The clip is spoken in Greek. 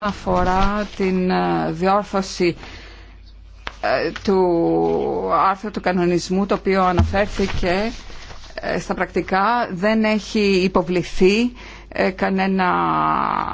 αφορά την ε, διόρθωση ε, του άρθρου του κανονισμού το οποίο αναφέρθηκε ε, στα πρακτικά δεν έχει υποβληθεί κανένα